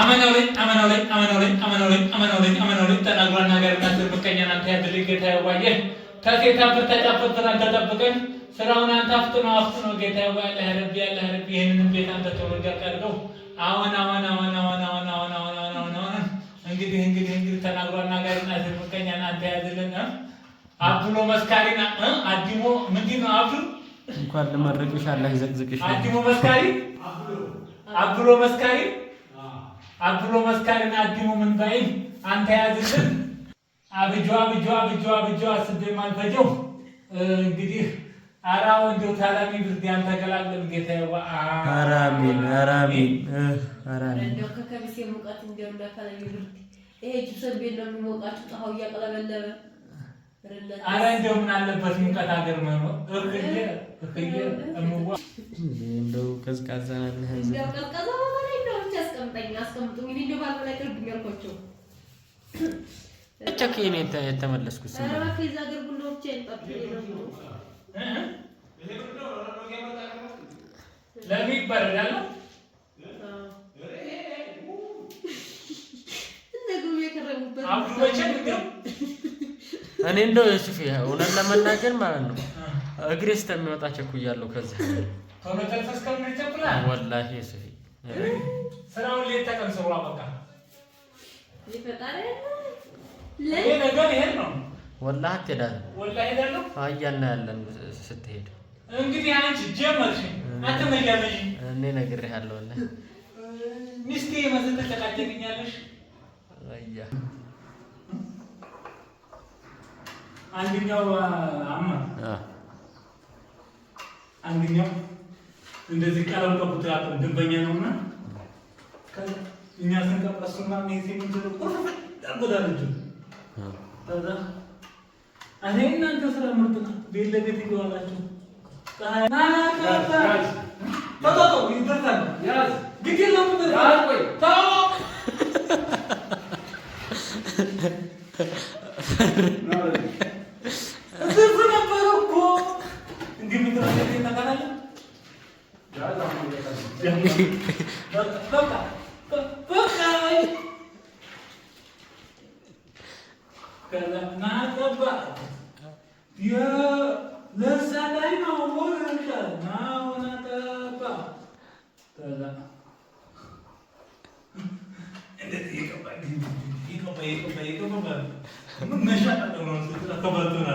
አመነውልኝ ተናግሯን ሀገር ና ምቀኛ ናንተ ያድርግ ከሴት አፍር ተጫፈትን ስራውን አንተ አፍጥኖ አፍጥኖ ጌታ አብሎ መስካሪና አዲሞ ምንድን ነው አብሎ እንኳን ለመረቅሽ አላህ ይዘቅዝቅሽ። አዲሙ መስካሪ አብሮ መስካሪ አብሮ መስካሪና አጅቦ ምን ባይል አንተ ያዝልን። አብጆ አብጆ አብጆ አብጆ አስቤ ማልፈጀው እንግዲህ አራ ወንዶ ታላሚ ብርድ ያንተ ገላለም ጌታ ይዋ አራሚን አራሚን አራሚን እንደው ከከብሴ ሙቀት እንደው ለፈለኝ ብርድ ይሄ ጅብሰን ቤት ነው የሚሞቃችሁ ጣሃው እያቀለበለበ አረ እንደው ምን አለበት ሙቀት ሀገር መኖር። እርግዬ ቀዝቃዛ ነው የተመለስኩት። እሱ አብዱ መቼ ነው እኔ እንደው ዩሱፍ እውነት ለመናገር ማለት ነው እግሬ እስከሚወጣ ቸኩያለሁ። ከዚህ ወላሂ ዩሱፍ ስራውን ሌት ተቀን ስሩ። በቃ ነገር ይሄን ነው። ወላሂ አትሄዳለሁ። ወላሂ እሄዳለሁ። አያና ያለን ስትሄድ እንግዲህ አንቺ ጀመርሽ አትመያመጂ። እኔ ነግሬሃለሁ። ሚስቴ መዘተጨቃጨቅኛለሽ አንደኛው አማ አንደኛው እንደዚህ ቀለም ቀቡት ያለው ደንበኛ ነውና እኛ ስንቀበሱና ነው እዚህ ምን ትልቁ እኔ እናንተ ስራ ምርጥ ነው። ቤት ለቤት ይገባላችሁ። ይደርሳል። بقى كلمات بعض يا لسه دايما te ما ونتابع تلا Ikaw pa, ikaw pa, ikaw pa ba? Nung nasya ka naman, sutra ka ba de na?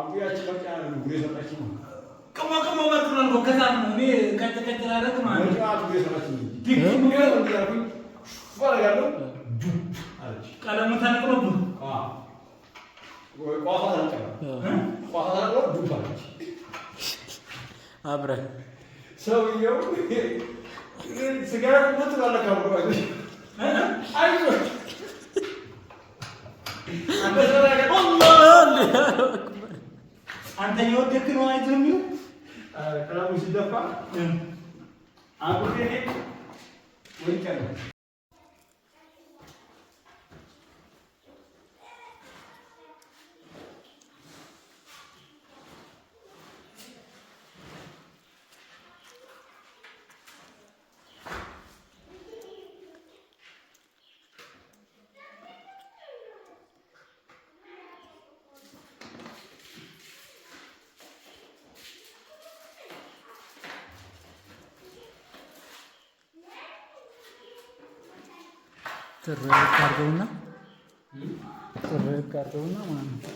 አብያች በቃ ያለ ሰውየው ስጋራ ነው తప్ప ఆకుతేనే ఓడించారు Cerré el carro de una. Cerré el carro de una, Juan.